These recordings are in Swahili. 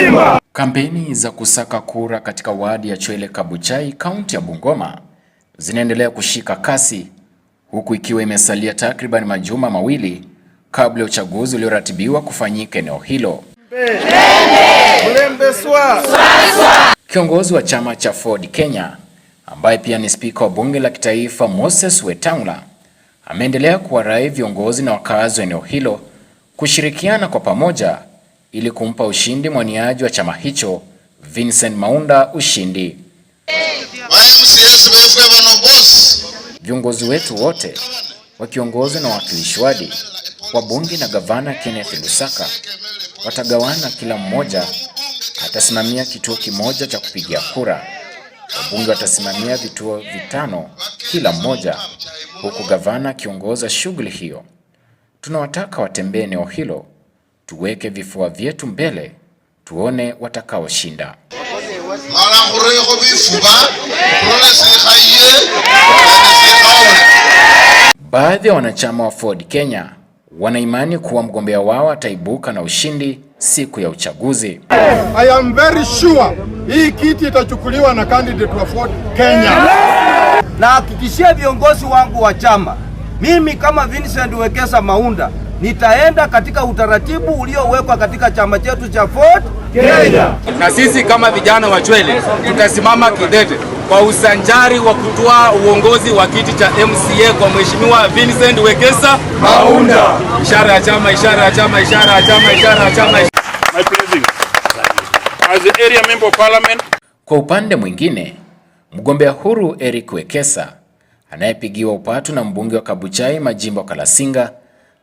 Simba. Kampeni za kusaka kura katika wadi ya Chwele Kabuchai, kaunti ya Bungoma zinaendelea kushika kasi huku ikiwa imesalia takriban majuma mawili kabla ya uchaguzi ulioratibiwa kufanyika eneo hilo. Kiongozi wa chama cha Ford Kenya ambaye pia ni spika wa bunge la kitaifa Moses Wetangula ameendelea kuwarai viongozi na wakazi wa eneo hilo kushirikiana kwa pamoja ili kumpa ushindi mwaniaji wa chama hicho Vincent Maunda ushindi. Viongozi wetu wote wakiongozwa na wawakilishi wadi wa bunge na gavana Kenneth Lusaka watagawana, kila mmoja atasimamia kituo kimoja cha kupigia kura. Wabunge watasimamia vituo vitano kila mmoja, huku gavana akiongoza shughuli hiyo. Tunawataka watembee eneo hilo tuweke vifua vyetu mbele, tuone watakaoshinda. Baadhi ya wanachama wa Ford Kenya wanaimani kuwa mgombea wao ataibuka na ushindi siku ya uchaguzi. I am very sure hii kiti itachukuliwa na candidate wa Ford Kenya. Na hakikishia viongozi wangu wa chama, mimi kama Vincent Wekesa Maunda nitaenda katika utaratibu uliowekwa katika chama chetu cha Ford Kenya. Na sisi kama vijana wa Chwele tutasimama kidete kwa usanjari wa kutoa uongozi wa kiti cha MCA kwa Mheshimiwa Vincent Wekesa Maunda. Ishara ya chama, ishara ya chama, ishara ya chama, ishara ya chama. My president. As the area member of parliament. Kwa upande mwingine, mgombea huru Eric Wekesa anayepigiwa upatu na mbunge wa Kabuchai Majimbo Kalasinga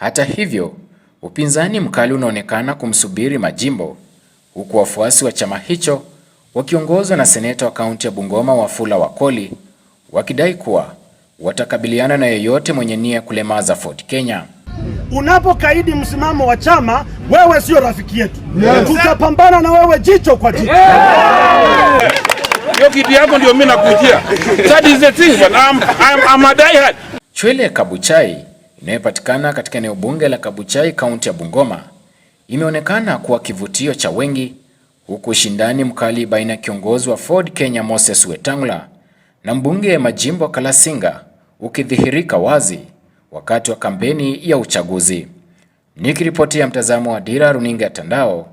Hata hivyo, upinzani mkali unaonekana kumsubiri Majimbo, huku wafuasi wa chama hicho wakiongozwa na seneta wa kaunti ya Bungoma Wafula Wakoli wakidai kuwa watakabiliana na yeyote mwenye nia kulemaza Ford Kenya. Unapokaidi msimamo wa chama, wewe sio rafiki yetu, tutapambana na wewe jicho kwa jicho yeah. Hiyo yako ndio mimi nakujia. That is the thing, I'm, I'm, I'm a diehard. Chwele Kabuchai inayopatikana katika eneo bunge la Kabuchai, kaunti ya Bungoma, imeonekana kuwa kivutio cha wengi, huku ushindani mkali baina ya kiongozi wa Ford Kenya Moses Wetangula na mbunge Majimbo Kalasinga ukidhihirika wazi wakati wa kampeni ya uchaguzi. Nikiripotia mtazamo wa Dira Runinga ya Tandao,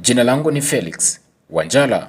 jina langu ni Felix Wanjala.